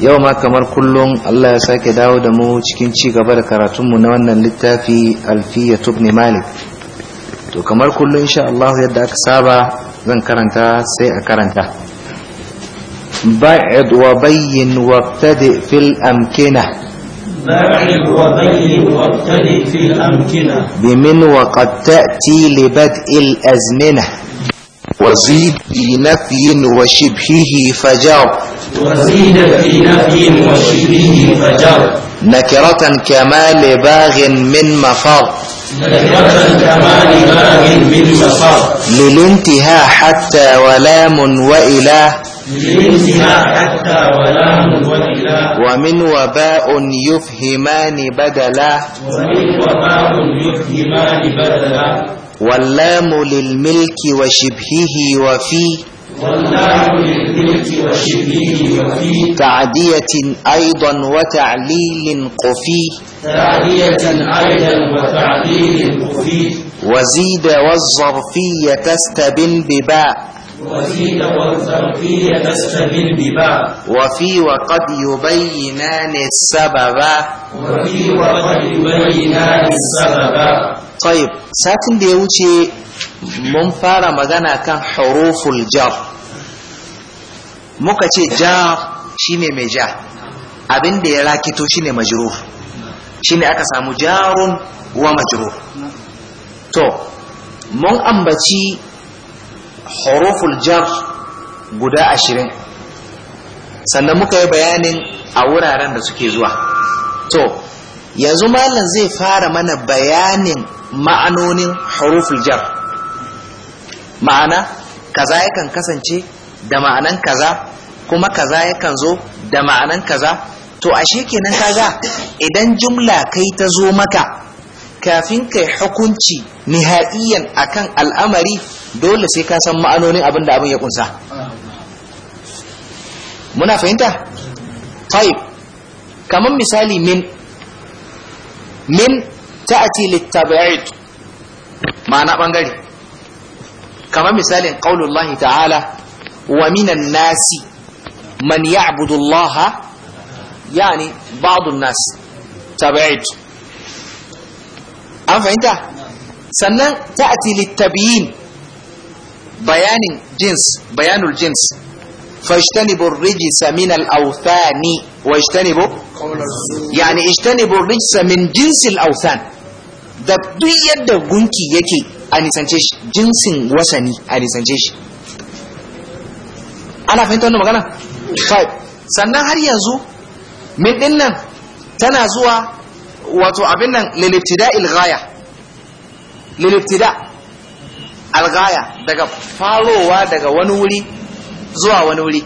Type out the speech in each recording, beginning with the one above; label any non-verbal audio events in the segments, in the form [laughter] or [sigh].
yau ma kamar kullum Allah ya sake dawo da mu cikin ci gaba da karatunmu na wannan littafi alfiya tubni malik to kamar kullum insha Allah yadda aka saba zan karanta sai a karanta ba'id wa bayyin wabtadi fil amkina باعد وبين وابتدئ في الأمكنة بمن وقد تأتي لبدء الأزمنة وزيد في نفي وشبهه فجر وزيد في نفي وشبهه فجر نكرة كما لباغ من مفر نكرة كما لباغ من مفر للانتهاء حتى ولام وإله حتى ولام وإله ومن وباء يفهمان بدلا ومن وباء يفهمان بدلا واللام للملك وشبهه وفي وفي تعدية أيضا وتعليل قفي تعدية أيضا وتعليل قفي وزيد والظرفية تستبن بباء وزيد والظرفية تستبن بباء وفي وقد يبينان السبب وفي وقد يبينان السبب طيب satin da ya wuce mun fara magana kan huruful jar muka ce jar shine mai ja abin da ya rakito shine majrur shine aka samu jarun wa majrur to mun ambaci huruful jab guda ashirin sannan muka yi bayanin a wuraren da suke zuwa to yanzu malam zai fara mana bayanin ma'anonin haruful jar ma'ana kaza yakan kasance da ma'anan kaza kuma kaza yakan zo da ma'anan kaza to ashe kenan kaza, idan jumla kai ta zo maka kafin kai hukunci nihaiyan akan al'amari dole sai ka san ma'anonin abinda abin ya kunsa muna fahimta طيب kamar misali min min تأتي للتبعيد ما نأمن قلي كما مثال قول الله تعالى ومن الناس من يعبد الله يعني بعض الناس تبعيد أفا أنت سنة تأتي للتبيين بيان جنس بيان الجنس فاجتنبوا الرجس من الأوثان واجتنبوا يعني اجتنب الرجس من جنس الأوثان da duk yadda gunki yake a nisance shi jinsin wasani a nisance shi ana fahimta wannan magana sannan har yanzu min nan tana zuwa wato abin nan lilibtida ilgaya lilibtida algaya daga farowa daga wani wuri zuwa wani wuri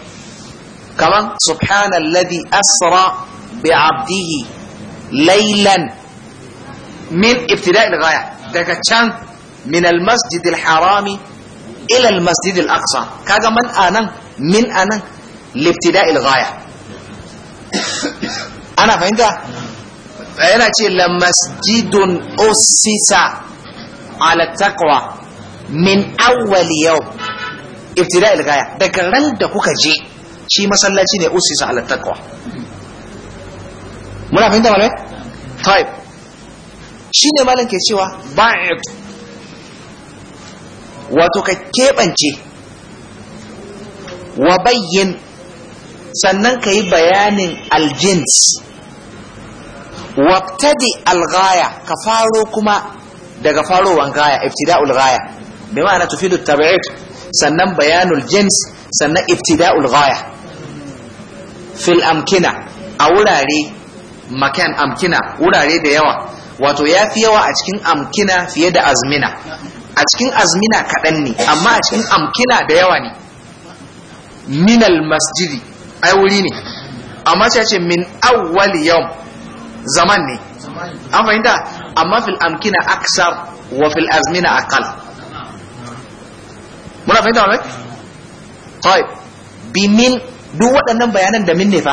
kaman subhanalladhi asra bi abdihi laylan min ibtida'il ghaya daga can min al-masjid harami ila al-masjid al-aqsa kaga man anan min anan libtida'il ghaya [coughs] ana fahimta yana ce la masjidun ussisa min awwal yau ibtida'il ghaya daga ran da kuka je shi masallaci ne ussisa ala طيب shi ne malam ke cewa ba'id wato ka keɓance wa bayyin sannan ka yi bayanin aljins wabtadi algaya ka faro kuma daga farowan gaya ibtida'ul gaya bi ma'ana tufidu tabi'id sannan bayanul jins sannan ibtida'ul gaya fil amkina a wurare makan amkina wurare da yawa wato ya fi yawa a cikin amkina fiye da azmina a cikin azmina kaɗan ne amma a cikin amkina da yawa ne minal masjidi ai wuri ne amma ce ce min awwal yawm zaman ne an fahimta amma fil amkina aksar wa fil azmina aqal muna fahimta kai bi min duk waɗannan bayanan da min ne fa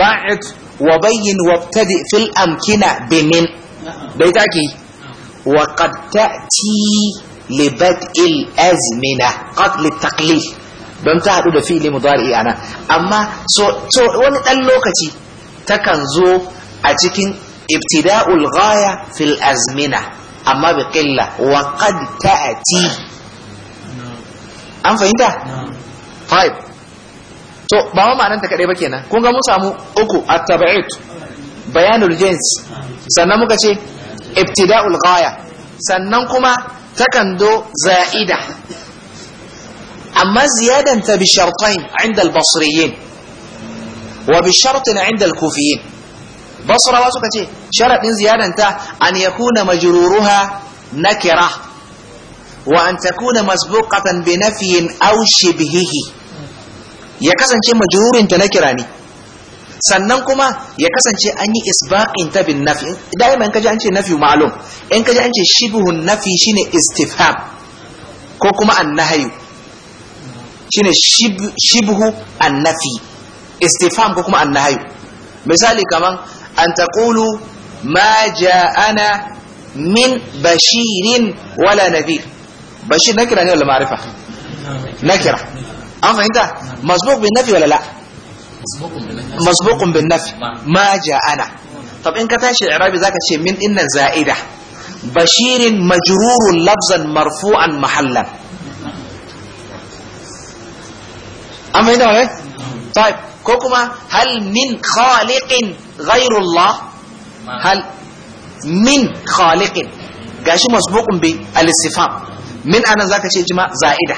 ba'id wa bayyin wabtadi fil amkina min da ita wa qad ta'ti li bad'il azmina qad li don ta haɗu da fi'li mudari ana amma so wani dan lokaci takan zo a cikin ibtida'ul ghaya fil azmina amma bi qilla wa qad ta'ti an fahimta five to ba ma ma'ananta kadai ba kenan kun ga mun samu uku a tabid bayanul jins sannan muka ce ibtida'ul ghaya sannan kuma takan do za'ida amma ziyaranta ta bi shartain inda al wa bi shartin inda al-kufiyin basrawa suka ce sharadin ziyadan ta an yakuna majruruha nakira wa an takuna masbuqatan bi nafyin aw shibhihi ya kasance majrurin ta nakira ne sannan kuma ya kasance an yi isbaqin ta bin nafi in kaji an ce nafi ma'lum in kaji an ce shibhun nafi shine istifham ko kuma annahyu shine shibhu annafi istifham ko kuma annahyu misali kaman an taqulu ma ja'ana min bashirin wala nadhir bashir nakira ne wala ma'rifa nakira an fahimta masbuq bin nafi wala la' masbukun bin nafi ma ja'ana tab in ka tashi irabi zaka ce min dinnan za'ida bashirin majrurun lafzan marfu'an mahallan an fahimta ba طيب ko kuma hal min khaliqin ghairullah hal min khaliqin gashi masbukun bi al-istifham min anan zaka ce jima za'ida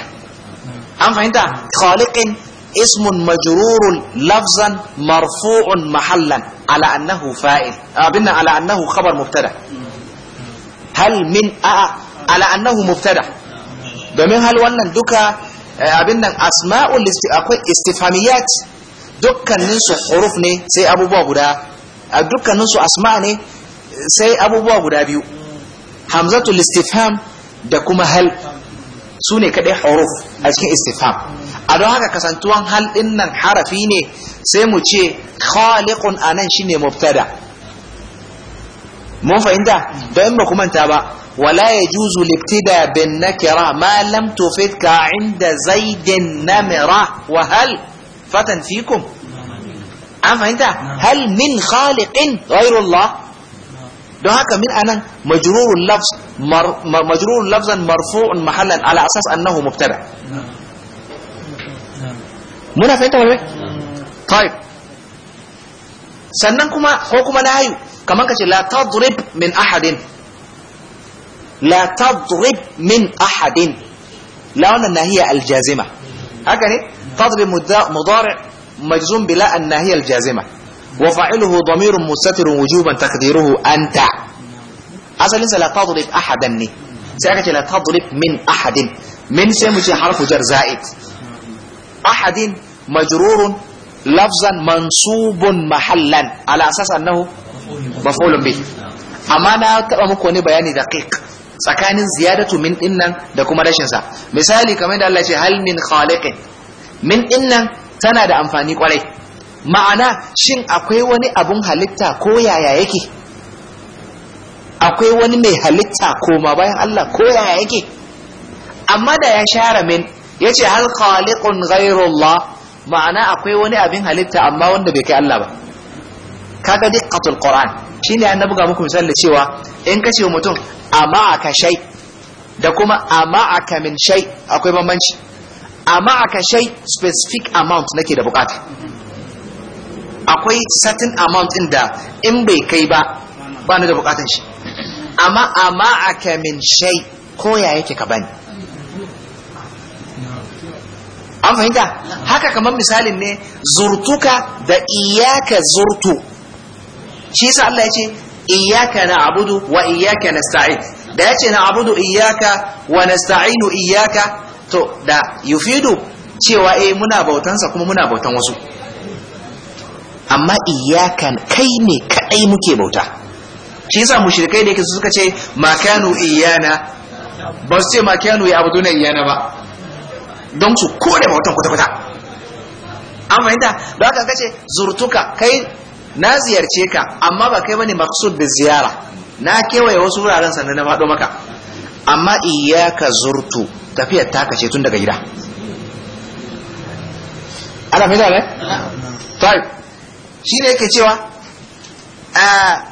an fahimta khaliqin ismun majrurun lafzan marfu'un mahallan ala annahu fa'il abinna ala annahu khabar mubtada hal min a ala annahu mubtada domin hal wannan duka eh, abin nan asma'ul akwai istifamiyat dukkanin su huruf ne sai abubuwa guda dukkanin su asma ne sai abubuwa guda biyu hamzatul istifham da kuma hal su ne kaɗai huruf a cikin istifham a don haka kasantuwan hal din nan harafi ne sai mu ce khaliqun anan shine mubtada mun fahimta don ba ku manta ba wala yajuzu libtida bin nakira ma lam tufid ka inda zaidin namira wa hal fatan fikum an fahimta hal min khaliqin ghairullah don haka min anan majrurun lafz majrurun lafzan marfu'un mahallan ala asas annahu mubtada muna fahimta wani طيب sannan kuma ko kuma layu kamar ka ce la tadrib min ahadin la tadrib min ahadin la wannan nahiya aljazima haka ne tadrib mudari Majzun bila an nahiya aljazima wa fa'iluhu damirun mustatirun wujuban takdiruhu anta asalin sa la tadrib ahadan ne sai aka ce la tadrib min ahadin min sai mu ce harfu jar za'id ahadin majrurun lafzan mansubun mahallan ala asas annahu maf'ulun bih amma na taɓa muku wani bayani daqiq tsakanin ziyadatu min dinnan da kuma rashin sa misali kamar da Allah ya ce hal min khaliqin min dinnan tana da amfani kwarai ma'ana shin akwai wani abun halitta ko yaya yake akwai wani mai halitta koma bayan Allah ko yaya yake amma da ya share min Ya ce hal khaliqun ghayrullah ma'ana akwai wani abin halitta amma wanda bai kai Allah ba kaga diqqatul qur'an shine annabi ga muku misali cewa in kace mutum amma aka shay da kuma amma aka min shay akwai bambanci amma aka shay specific amount nake da bukata akwai certain amount din da in bai kai ba ba ni da bukatun shi amma amma aka min shay ko ya yake ka bani an fahimta haka kamar misalin ne zurtuka da iyaka zurtu shi yasa Allah ya ce iyaka na abudu wa iyaka na sta'in da ya ce na abudu iyaka wa na sta'inu iyaka to da yufidu cewa eh muna bautansa kuma muna bautan wasu amma iyakan kai ne kadai muke bauta shi yasa mushrikai da yake suka ce makanu iyana ba su ce makanu ya na iyana ba don su kone watan kwata-kwata an fahimta da haka kace zurtuka kai na ziyarce ka amma ba kai bane maksud da ziyara na kewaye wasu wuraren sannan na faɗo maka amma iyaka zurtu tafiyar ta kace tun daga gida ana fahimta ne? Five. Shi ne yake cewa, ah,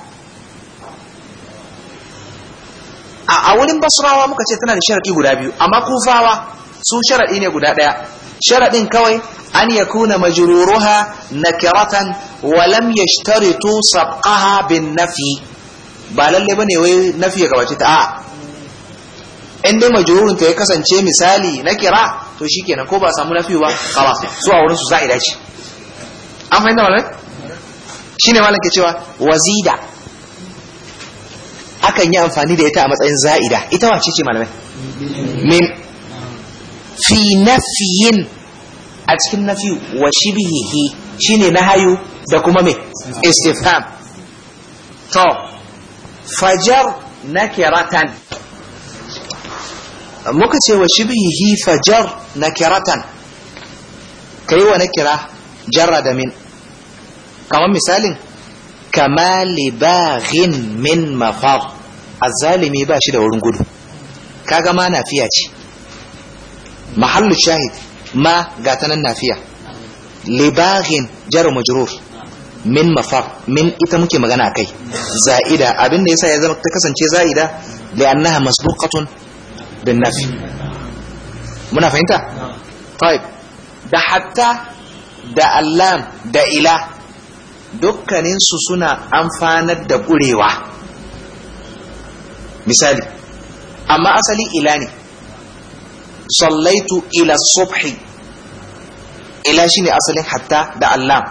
a wurin basurawa muka ce tana da sharaɗi guda biyu, amma kufawa su sharaɗi ne guda ɗaya sharaɗin kawai an ya kuna majururuha nakiratan walam yashtaritu sabqaha bin nafi ba lalle bane wai nafi ya gabace ta a in dai majrurun ta ya kasance misali na kira to shikenan ko ba samu nafi ba kawa su a wurin su za'ida ce an fahimta malam Shi ne ke cewa wazida akan yi amfani da ita a matsayin za'ida ita wace ce malamai min fi nafiyin a cikin nafi wa shibhihi shine nahayu da kuma me istifham to fajar kiratan. muka ce wa shibhihi fajar nakiratan kai wa kira jarra da min kamar misalin kama libaghin min mafar azzalimi ba shi da wurin gudu kaga ma nafiya ce mahallu shahid ma ga ta nan nafiya libaghin jar majrur min mafar min ita muke magana kai za'ida abinda yasa ya zama ta kasance za'ida li'annaha masbuqatun bin nafi muna fahimta طيب da hatta da allam da ila dukkaninsu suna amfanar da ƙurewa misali amma asali ila ne sallaitu ila subhi ila shine asalin hatta da Allah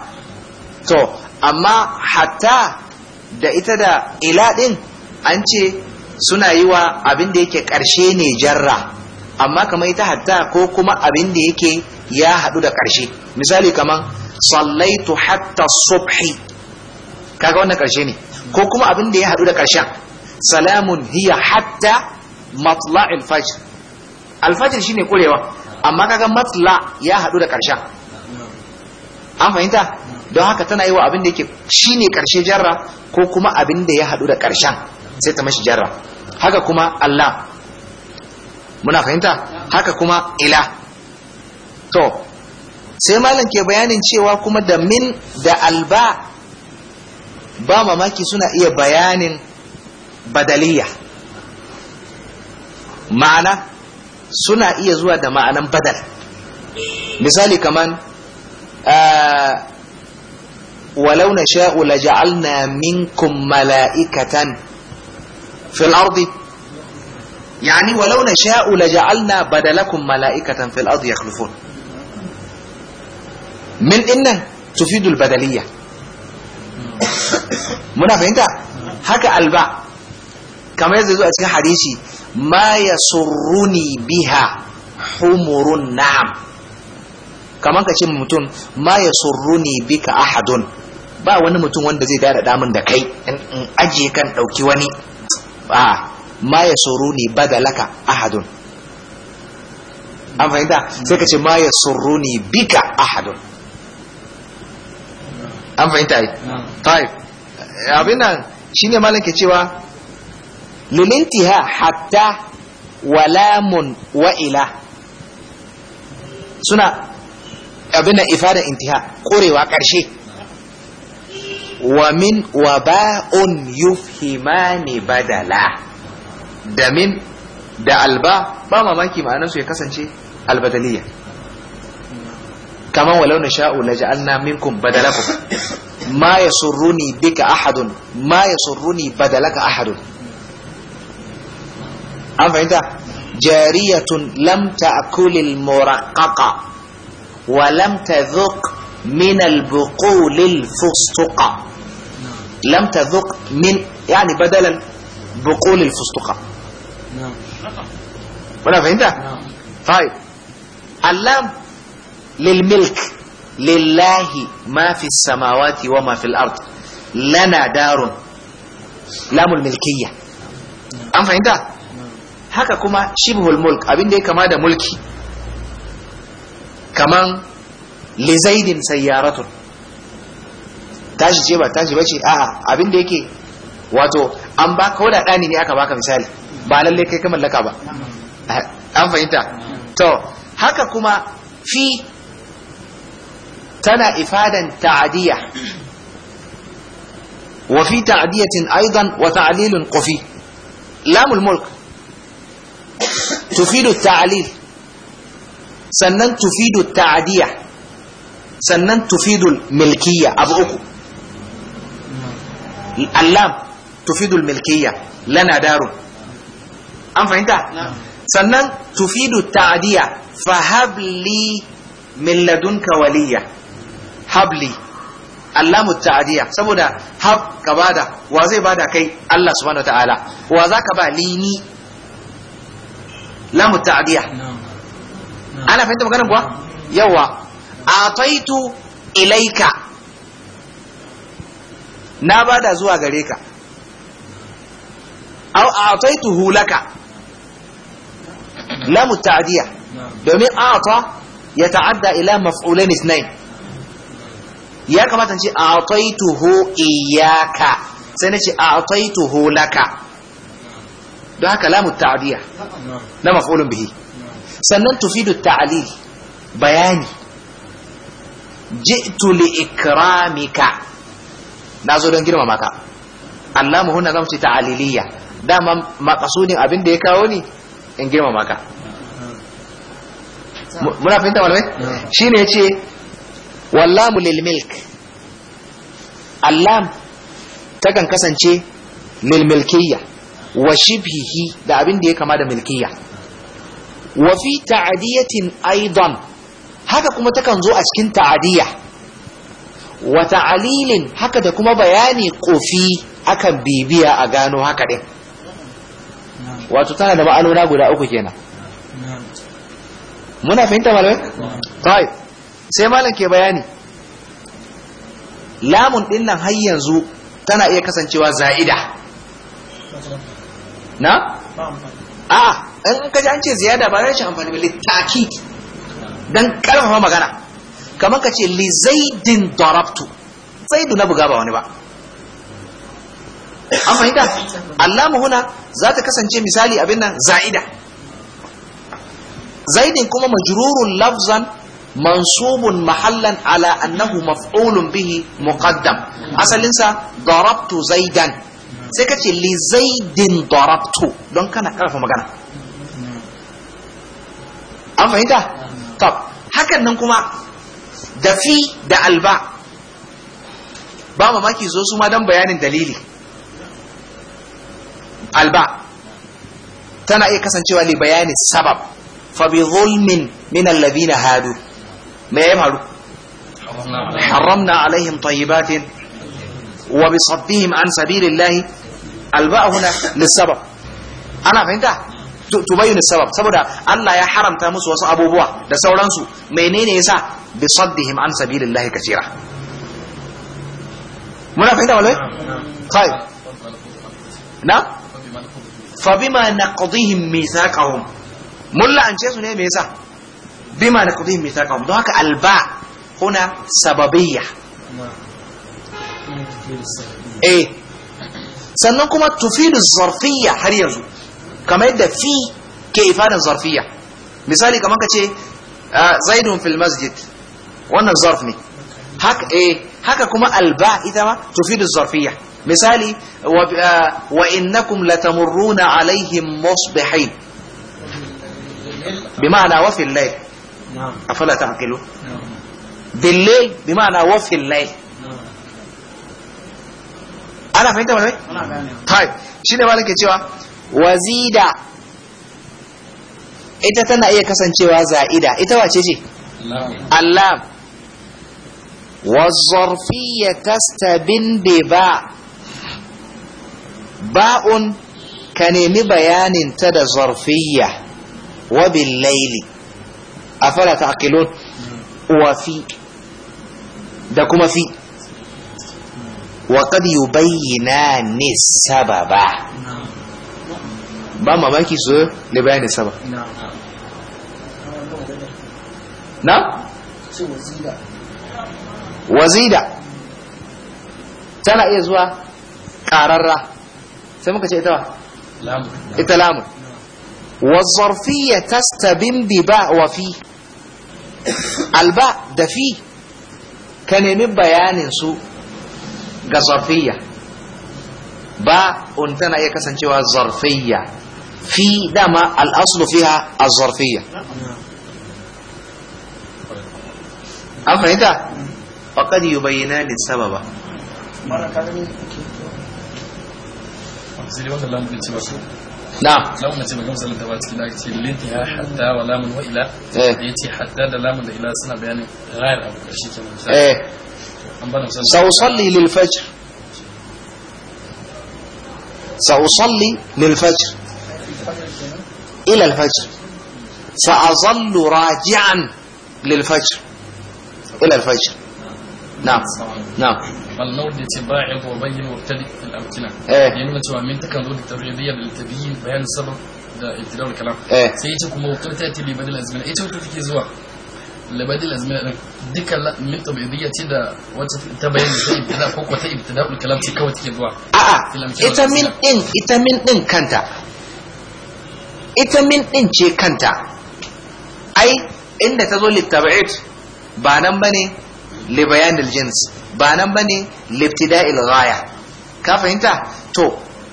to amma hatta da ita da ila din an ce suna yi wa abin da yake ƙarshe ne jarra amma kamar ita hatta ko kuma abin da yake ya haɗu da ƙarshe misali kamar sallaitu hatta subhi kaga wannan ƙarshe ne ko kuma abin da ya haɗu da ƙarshen salamun hiya hatta matla'il fajr alfajir ne kurewa amma kaga matla ya hadu da karshen an fahimta don haka tana yi wa abin da yake ne karshe jarra ko kuma abin da ya hadu da karshen sai ta mashi jarra haka kuma Allah muna fahimta haka kuma ila to sai malam ke bayanin cewa kuma da min da alba ba mamaki suna iya bayanin badaliya ma'ana suna iya zuwa da ma'anan badal misali kaman walau na sha'u la ja'alna minkum mala'ikatan fil ardi yani walau na sha'u la ja'alna badalakum mala'ikatan fil ardi yakhlufun min dinnan tufidul badaliyya muna fahimta haka alba kamar yadda zo cikin hadisi ma yasurruni biha humurun na'am kamar ka ce mutum ma yasurruni bika ahadun ba wani mutum wanda zai dada damun da kai in ajiye kan dauki wani ba ma yasurruni badalaka ahadun an fahimta sai ka ce ma yasurruni bika ahadun an fahimta yi tayyib abin nan ne malam ke cewa lilintiha hatta walamun wa'ila suna abin da ifadar intiha ƙorewa ƙarshe wa min wa ba'un yufhimani badala da min da alba ba mamaki ma'anarsu ya kasance albadaliya kaman walau na sha'u la ja'alna minkum badalakum ma yasurruni bika ahadun ma yasurruni ka ahadun عندها جارية لم تأكل المرققة ولم تذق من البقول الفستقة لم تذق من يعني بدلا بقول الفستقة نعم ولا فهمت طيب اللام للملك لله ما في السماوات وما في الأرض لنا دار لام الملكية أم فهمت haka kuma shibhul mulk abin da ya kama da mulki kaman lizaidin sayyaratun tashi ce ba tashi ba ce a'a abin da yake wato an ba ka wada dani ne aka baka misali ba lallai kai ka mallaka ba an fahimta to haka kuma fi tana ifadan ta'adiyya wa fi ta'adiyatin aidan wa ta'lilun qafi lamul mulk tufidu ta'lil sannan tufidu ta'diya sannan tufidu milkiyya abu uku allam tufidu milkiya lana daru an fahimta sannan tufidu ta'diya fa habli min ladunka waliya habli allamu ta'diya saboda hab ka bada wa zai bada kai Allah subhanahu wa ta'ala wa zaka ba ni? lamu ta'diya ana fahimta maganar kuwa yawa ataitu ilaika na bada zuwa gare ka aw ataitu laka lamu ta'diya domin ata ya ta'adda ila maf'ulain ithnain ya kamata ce ataituhu iyaka sai na ce ataituhu laka don haka lamu ta'adiyya na mafolin bihi sannan tufidu ta'ali bayani ji'tu li ikramika nazo don girma maka allamu hunna zama ce ta'aliliya dama makasunin abinda ya kawo ni in girma maka. muna fahimta malamai ya ce? wallamu lil milk allam takan kasance lil milkiyya wa shibhihi da abin da ya kama da milkiya wa fi ta'adiyatin aidan haka kuma takan zo a cikin ta'adiyya wa ta'alilin haka da kuma bayani kofi akan bibiya a gano haka din wato tana da ma'anona guda uku kenan muna fahimta malamai tayi sai malam ke bayani lamun din nan har yanzu tana iya kasancewa za'ida na a in ka ji an ce ziyada ba zai ci amfani ba litaki dan karfafa magana kamar ka ce li zaidin darabtu zaidu na buga ba wani ba an fahimta allama huna za ta kasance misali abin nan za'ida zaidin kuma majrurun lafzan mansubun mahallan ala annahu maf'ulun bihi muqaddam asalinsa darabtu zaidan sai ka ce li zaidin darabtu don kana karfa magana an fahimta tab hakan nan kuma da fi da alba ba mamaki zo su ma don bayanin dalili alba tana iya kasancewa li bayani sabab fa bi zulmin min alladhina hadu me ya faru حرمنا عليهم طيبات وبصدهم عن سبيل الله alba'a huna lissabab ana fahimta tubayyinu sabab saboda Allah ya haramta musu wasu abubuwa da sauransu menene yasa bi saddihim an sabilillahi kaseera muna fahimta wallahi tayyib na fa bima naqdihim mithaqahum mulla an ce su ne me yasa bima naqdihim mithaqahum don haka alba huna sababiyya eh sannan kuma tufidu zarfiya har yanzu kamar yadda fi ke ifadin zarfiya misali kamar ka ce zaidun fil masjid wannan zarf ne haka eh haka kuma alba ita ma tufidu zarfiya misali wa innakum latamurruna alaihim musbihin bima'ana wa fil layl afala ta'qilu bil layl bima'ana wa fil layl ana fahimta malamai taib shi ne malam ke cewa wazida ita tana iya kasancewa za'ida ita wace ce allam wazzarfiyya tastabin bi ba ba'un ka nemi bayanin ta da zarfiyya wa billaili afala ta'qilun wa fi da kuma fi wa qad yubayyina ni sababa ba mamaki su da bayani sabab na wazida tana iya zuwa ƙararra sai muka ce ita ita lamu والظرفية تستبن بباء وفي الباء ده كان يمين بيان سوء ga zarfiyya ba un tana iya kasancewa zarfiyya fi dama al'aslu fiha a zarfiyya an fahimta faqad yubayyana ni sababa نعم سأصلي للفجر سأصلي للفجر إلى الفجر سأظل راجعا للفجر إلى الفجر نعم نعم النور لتباعد وبين وابتدئ في الأمتنة ايه يعني مثلا من تكن التبعيدية للتبيين بيان السبب da ibtida'ul kalam sai yace kuma wata ta tibi badal azmana ita wata labadil azmina din dukkan mitta baydiyya ce da wata ta bayyana ta ibtida ko ko ta ibtida'ul kalam ce kawai take zuwa a'a ita min din ita min din kanta ita min din ce kanta ai inda ta zo littabi'id ba nan ba ne bayanil jins ba nan ba ne ibtida'il ghaya ka fahimta to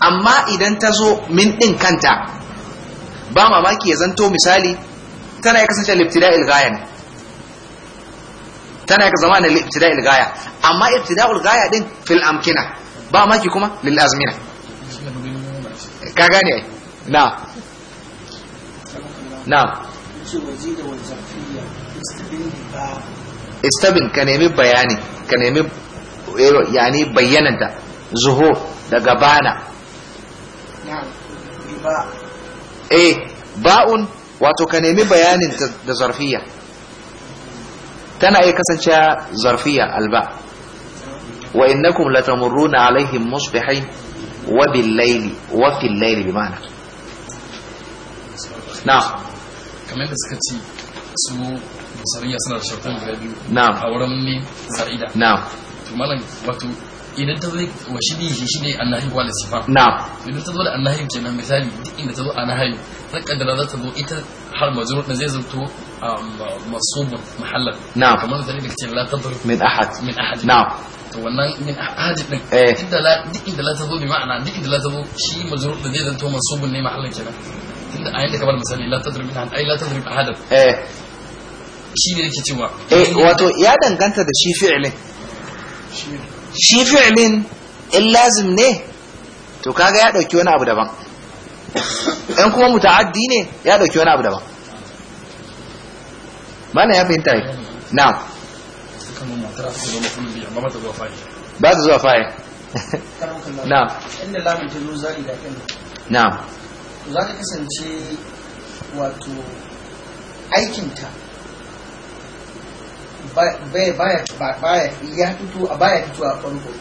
amma idan ta zo min din kanta ba mamaki ya zanto misali tana ya kasance libtida ilgaya ne tana ka zama na ibtida'il gaya amma ibtida'ul gaya din fil amkina ba maki kuma lil azmina ka gane na na istabin ka nemi bayani ka nemi yani bayyananta zuho daga bana eh ba'un wato ka nemi bayanin da zarfiya tana iya kasancewa zarfiya alba wa innakum latamurruna alaihim musbihin wa bil laili wa fil laili bi ma'ana na kamar da suka ci su musariya suna da shakun guda biyu na a wurin ne Sa'ida. na to malam wato idan ta zo wa shi ne shi ne annahi wa lasifa na idan ta zo da annahi kenan misali duk inda ta zo annahi zan kaddara za ta zo ita har majrur zai zanto mansub mahallan na'am kamar da kake cewa la min ahad min ahad na'am wannan min ahad din inda la duk inda la tazo bi ma'ana duk inda la tazo shi majrur zai zanto mansubun ne mahallan kenan tunda ayin da kamar misali la tadrib min ahad ai la tadrib shi ne yake cewa wato ya danganta da shi fi'ilin shi fi'ilin in lazim ne to kaga ya dauki wani abu daban in kuma muta'addi ne ya dauki wani abu daban mana ya fahimta ne na ba su zuwa faye [laughs] na inda lamun ta zo zari da kan na za ta kasance wato aikinta baya fito a baya fito a farko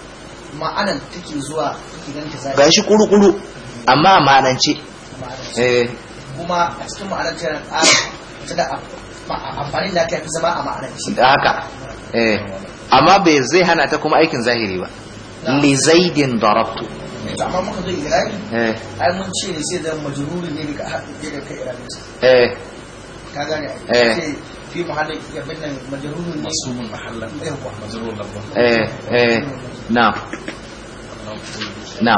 ma'anar take zuwa take ganta zai gashi kuru-kuru amma ma'anance eh. kuma a cikin ma'anar tana ƙara ta da amfani da zama a da haka eh amma bai zai hana ta kuma aikin zahiri ba li zaidin darabtu amma muka zo iraki eh ai mun sai majruri ne eh. ka gane eh fi ya eh eh Na. Na.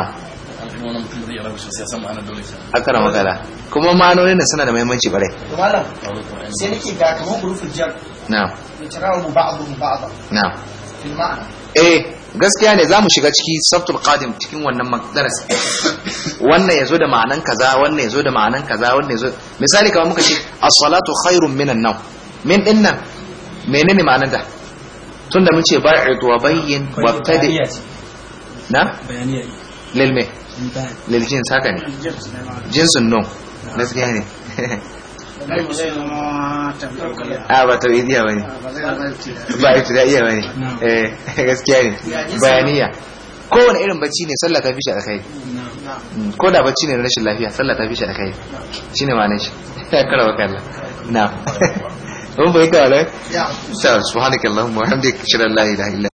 irin wannan mutum zai rabu sosai san ma'anar dole ke akara magana kuma ma'anonin da suna da muhimmanci bare to malam sai nake ga kamar gurufin jar na'am yatarawu ba'dhu ba'dha na'am fil ma'ana eh gaskiya ne za mu shiga ciki saftul qadim cikin wannan darasi wannan yazo da ma'anan kaza wannan yazo da ma'anan kaza wannan yazo misali kamar muka ce as-salatu khairun minan nawm min dinnan menene ma'anar da tunda mun ce ba'id wa bayyin wa tadi na bayaniya lilme liljin haka ne jinsin no gaskiya ne [laughs] a ba tauhidiyya ba ne ba ibtida'iyya ba ne eh gaskiya ne bayaniya kowane irin bacci ne sallah ta fi shi kai hmm, ko da bacci ne rashin lafiya sallah ta fi shi shi shine ma shi [laughs] ya [laughs] wa kalla na mun bai kawai ta subhanakallahumma wa hamdika shalla la ilaha illa